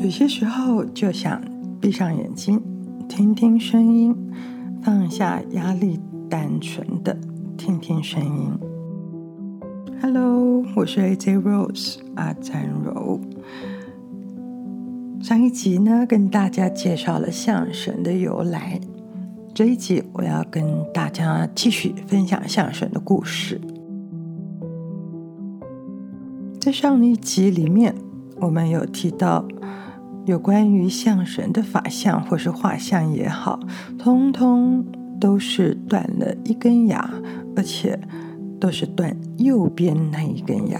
有些時候就想閉上眼睛，聽聽聲音，放下壓力，單純的聽聽聲音。Hello，我是 AJ Rose 阿展柔。上一集呢，跟大家介紹了象神的由來。這一集，我要跟大家繼續分享象神的故事。在上一集裡面，我們有提到。有關於象神的法相或是畫像也好，通通都是斷了一根牙，而且都是斷右邊那一根牙。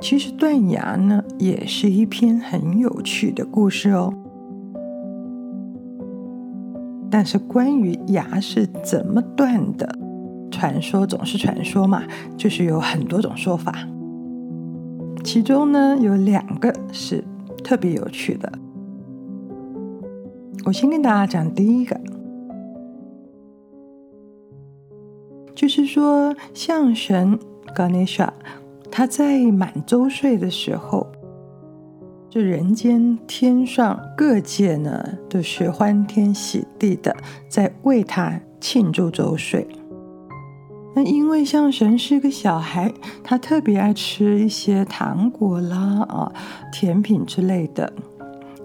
其實斷牙呢，也是一篇很有趣的故事哦。但是關於牙是怎麼斷的，傳說總是傳說嘛，就是有很多種說法。其中呢，有兩個是。特別有趣的，我先跟大家講第一個，就是說，象神 Ganesha 他在滿周歲的時候，這人間天上各界呢都是歡天喜地的，在為他慶祝周歲。那因為象神是個小孩，他特別愛吃一些糖果啦、啊甜品之類的，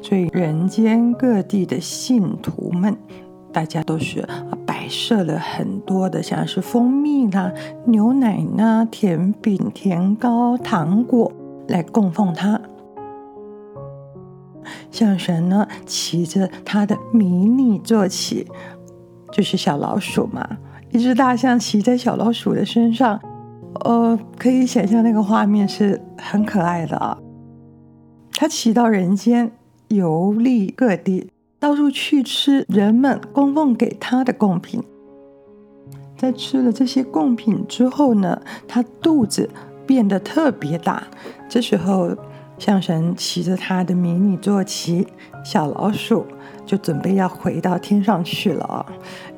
所以人間各地的信徒們，大家都是擺設了很多的，像是蜂蜜啦、牛奶啦、甜餅、甜糕、糖果來供奉他。象神呢，騎着他的迷你坐騎，就是小老鼠嘛。一隻大象騎在小老鼠的身上，呃，可以想象那個畫面是很可愛的啊。它騎到人間遊歷各地，到處去吃人們供奉給它的貢品。在吃了這些貢品之後呢，它肚子變得特別大。這時候，象神騎着他的迷你坐騎小老鼠。就準備要回到天上去了，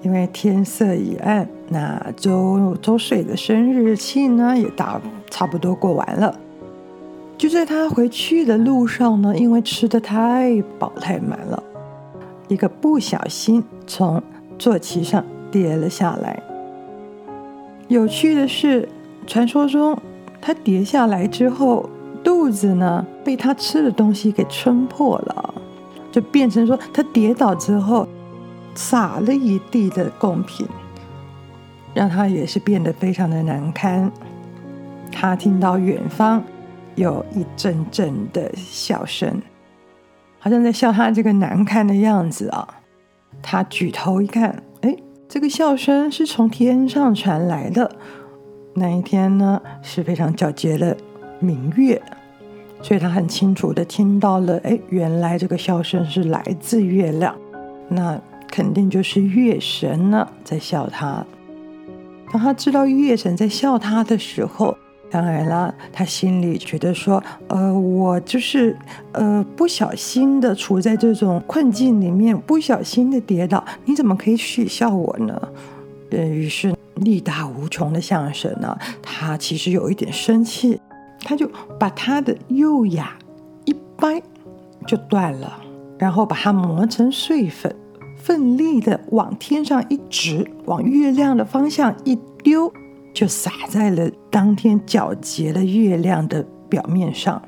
因為天色已暗。那周周歲的生日慶呢，也到，差不多過完了。就在他回去的路上呢，因為吃得太飽太滿了，一個不小心從坐騎上跌了下來。有趣的是，傳說中他跌下來之後，肚子呢被他吃的東西給撐破了。就變成說，他跌倒之後，撒了一地的供品，讓他也是變得非常的難堪。他聽到遠方有一陣陣的笑聲，好像在笑他這個難堪的樣子啊。他舉頭一看，哎、欸，這個笑聲是從天上傳來的。那一天呢，是非常皎潔的明月。所以他很清楚的聽到了，哎，原來這個笑聲是來自月亮，那肯定就是月神呢、啊、在笑他。當他知道月神在笑他的時候，當然啦，他心裡覺得說，呃，我就是呃不小心的處在這種困境裡面，不小心的跌倒，你怎麼可以取笑我呢？呃，於是力大無窮的象神呢，他其實有一點生氣。他就把他的右牙一掰，就斷了，然後把它磨成碎粉，奮力的往天上一直，往月亮的方向一丟，就撒在了當天皎潔的月亮的表面上。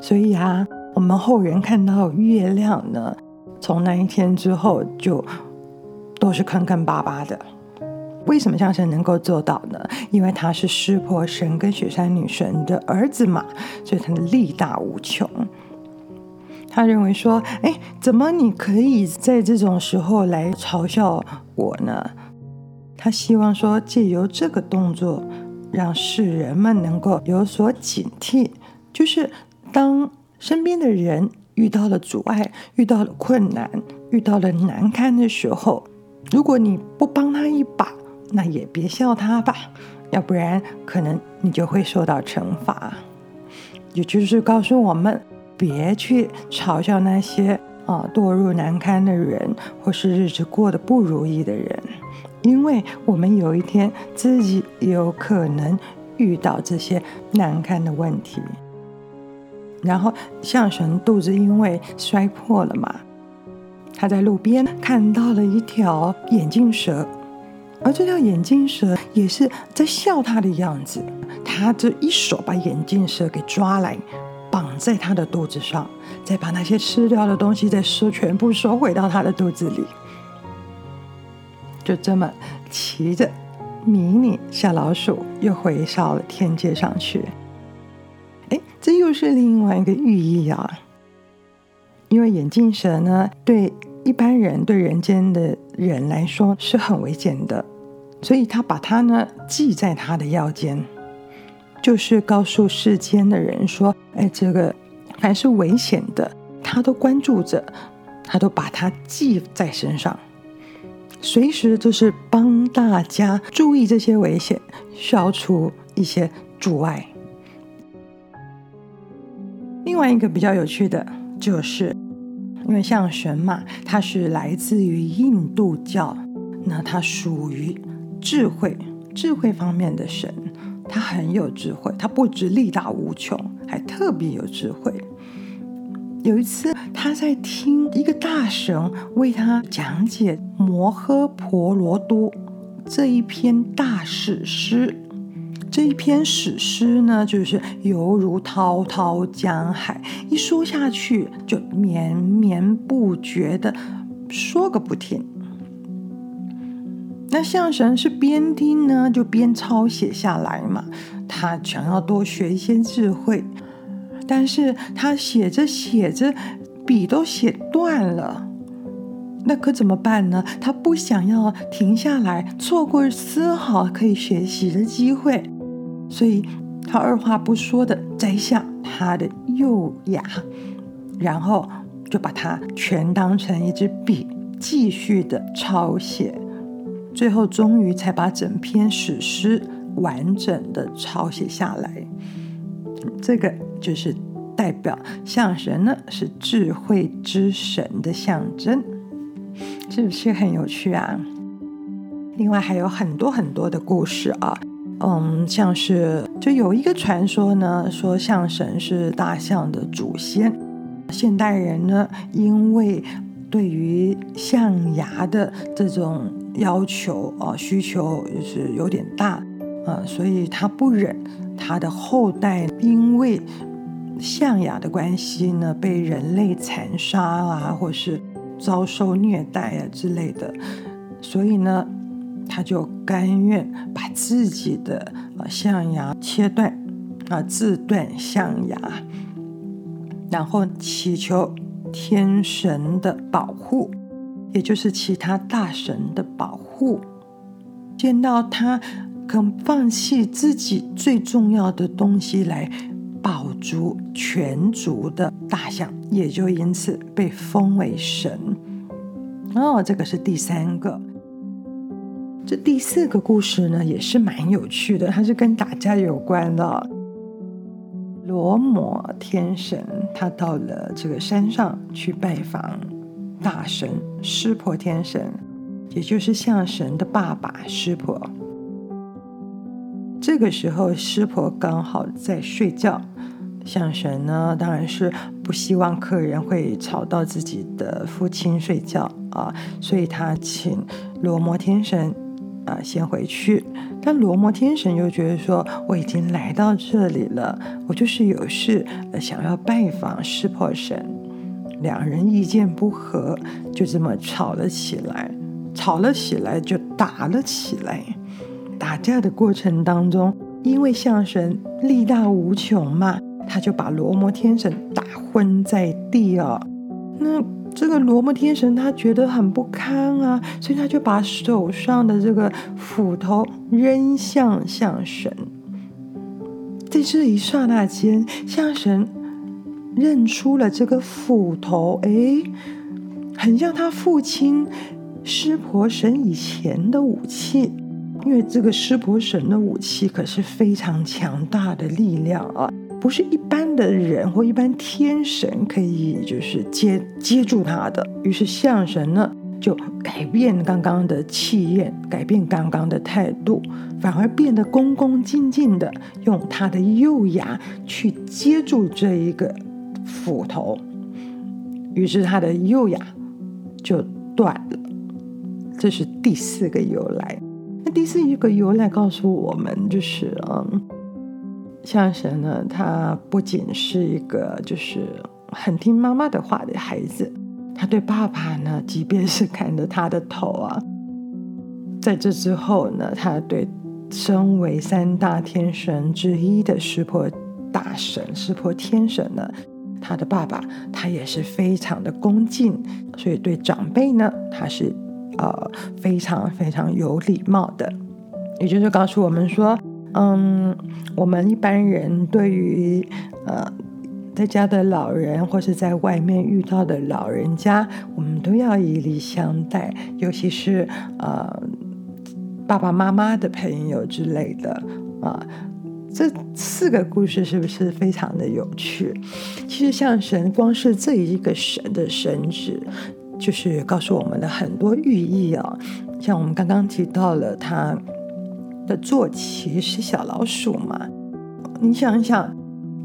所以啊，我們後人看到月亮呢，從那一天之後就都是坑坑巴巴的。為什麼象神能夠做到呢？因為他是濕婆神跟雪山女神的兒子嘛，所以他的力大無窮。他認為說：“哎，怎麼你可以在這種時候來嘲笑我呢？”他希望說，借由這個動作，讓世人們能夠有所警惕。就是當身邊的人遇到了阻礙、遇到了困難、遇到了難堪的時候，如果你不幫他一把，那也別笑他吧，要不然可能你就會受到懲罰。也就是告訴我們，別去嘲笑那些啊、哦、墮入難堪的人，或是日子過得不如意的人，因為我們有一天自己有可能遇到這些難堪的問題。然後象神肚子因為摔破了嘛，他在路邊看到了一條眼鏡蛇。而這條眼鏡蛇也是在笑他的樣子，他就一手把眼鏡蛇給抓來，綁在他的肚子上，再把那些吃掉的東西再收全部收回到他的肚子裡，就這麼騎着迷你小老鼠又回到了天界上去。哎、欸，這又是另外一個寓意啊！因為眼鏡蛇呢，對一般人對人間的人來說是很危險的。所以他把它呢繫在他的腰間，就是告訴世間的人說：“哎，這個凡是危險的，他都關注着，他都把它繫在身上，隨時就是幫大家注意這些危險，消除一些阻礙。”另外一個比較有趣的就是，因為象神嘛，它是來自於印度教，那它屬於。智慧，智慧方面的神，他很有智慧，他不止力大無窮，還特別有智慧。有一次，他在聽一個大神為他講解《摩訶婆羅多》這一篇大史詩，這一篇史詩呢，就是猶如滔滔江海，一說下去就綿綿不絕地說個不停。那象神是邊聽呢，就邊抄寫下來嘛。他想要多學一些智慧，但是他寫着寫着，筆都寫斷了。那可怎麼辦呢？他不想要停下來，錯過絲毫可以學習的機會，所以他二話不說的摘下他的右牙，然後就把它全當成一支筆，繼續的抄寫。最後終於才把整篇史詩完整的抄寫下來，這個就是代表象神呢，是智慧之神的象徵，是不是很有趣啊？另外還有很多很多的故事啊，嗯，像是就有一個傳說呢，說象神是大象的祖先。現代人呢，因為對於象牙的這種要求啊，需求也是有點大啊，所以他不忍他的後代因為象牙的關係呢被人類殘殺啊，或是遭受虐待啊之類的，所以呢，他就甘願把自己的啊象牙切斷，啊自斷象牙，然後祈求天神的保護。也就是其他大神的保護，見到他肯放棄自己最重要的東西來保住全族的大象，也就因此被封為神。哦，這個是第三個。這第四個故事呢，也是蠻有趣的，它是跟打架有關的。羅摩天神他到了這個山上去拜訪。大神濕婆天神，也就是象神的爸爸濕婆。這個時候，濕婆剛好在睡覺，象神呢當然是不希望客人會吵到自己的父親睡覺啊，所以他請羅摩天神啊先回去。但羅摩天神又覺得說，我已經來到這裡了，我就是有事想要拜訪濕婆神。兩人意見不合，就這麼吵了起來，吵了起來就打了起來。打架的過程當中，因為象神力大無窮嘛，他就把羅摩天神打昏在地哦。那這個羅摩天神他覺得很不堪啊，所以他就把手上的這個斧頭扔向象神。在這一剎那間，象神。認出了這個斧頭，誒，很像他父親濕婆神以前的武器，因為這個濕婆神的武器可是非常強大的力量啊，不是一般的人或一般天神可以就是接接住他的。於是象神呢，就改變剛剛的氣焰，改變剛剛的態度，反而變得恭恭敬敬的，用他的右牙去接住這一個。斧頭，於是他的右牙就斷了。這是第四個由來。那第四個由來告訴我們，就是嗯，象神呢，他不僅是一個就是很聽媽媽的話的孩子，他對爸爸呢，即便是砍了他的頭啊，在這之後呢，他對身為三大天神之一的濕婆大神、濕婆天神呢。他的爸爸，他也是非常的恭敬，所以對長輩呢，他是呃非常非常有禮貌的。也就是告訴我們說，嗯，我們一般人對於呃在家的老人或是在外面遇到的老人家，我們都要以禮相待，尤其是呃爸爸媽媽的朋友之類的啊。呃這四個故事是不是非常的有趣？其實，象神，光是這一個神的神旨，就是告訴我們的很多寓意啊、哦。像我們剛剛提到了他的坐騎是小老鼠嘛？你想一想，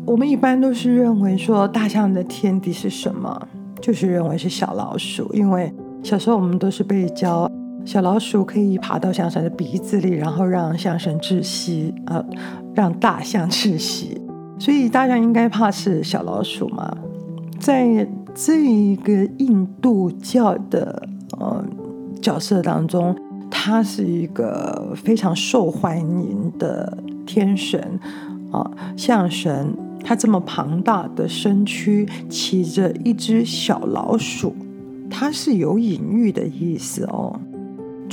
我們一般都是認為說大象的天敵是什麼？就是認為是小老鼠，因為小時候我們都是被教。小老鼠可以爬到象神的鼻子裡，然後讓象神窒息啊、呃，讓大象窒息。所以大象應該怕是小老鼠嘛？在這一個印度教的呃角色當中，他是一個非常受歡迎的天神啊、呃，象神。他這麼龐大的身軀騎着一隻小老鼠，它是有隱喻的意思哦。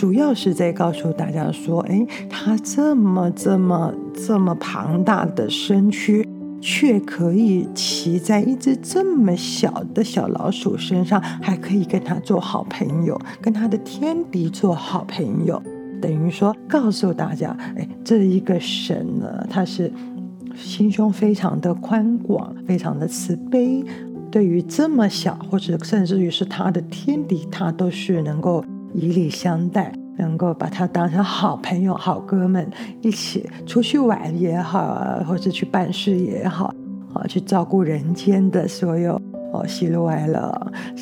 主要是在告訴大家說，哎，它這麼這麼這麼龐大的身軀，卻可以騎在一隻這麼小的小老鼠身上，還可以跟它做好朋友，跟它的天敵做好朋友，等於說告訴大家，哎，這一個神呢，他是心胸非常的寬廣，非常的慈悲，對於這麼小，或者甚至於是它的天敵，它都是能夠，以禮相待，能夠把他當成好朋友、好哥們，一起出去玩也好，或者去辦事也好，啊，去照顧人間的所有哦喜怒哀樂，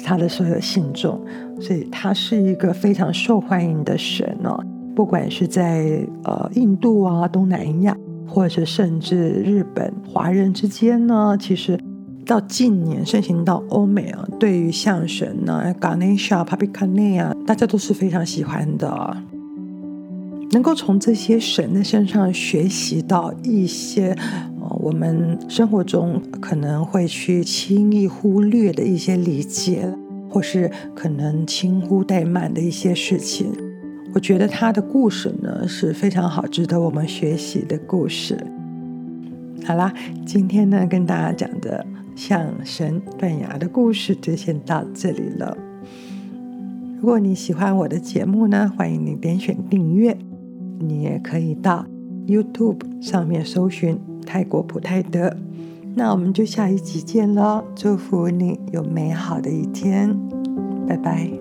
他的所有信眾，所以他是一個非常受歡迎的神哦。不管是在呃印度啊、東南亞，或者是甚至日本華人之間呢，其實。到近年盛行到歐美啊，對於象神呢，Ganesha、Papikanay 啊，大家都是非常喜歡的。能夠從這些神的身上學習到一些，呃，我們生活中可能會去輕易忽略的一些理解，或是可能輕忽怠慢的一些事情。我覺得他的故事呢，是非常好值得我們學習的故事。好啦，今天呢，跟大家講的。象神斷牙的故事就先到這裡了。如果你喜歡我的節目呢，歡迎你點選訂閱。你也可以到 YouTube 上面搜尋泰國普泰德。那我們就下一集見咯，祝福你有美好的一天，拜拜。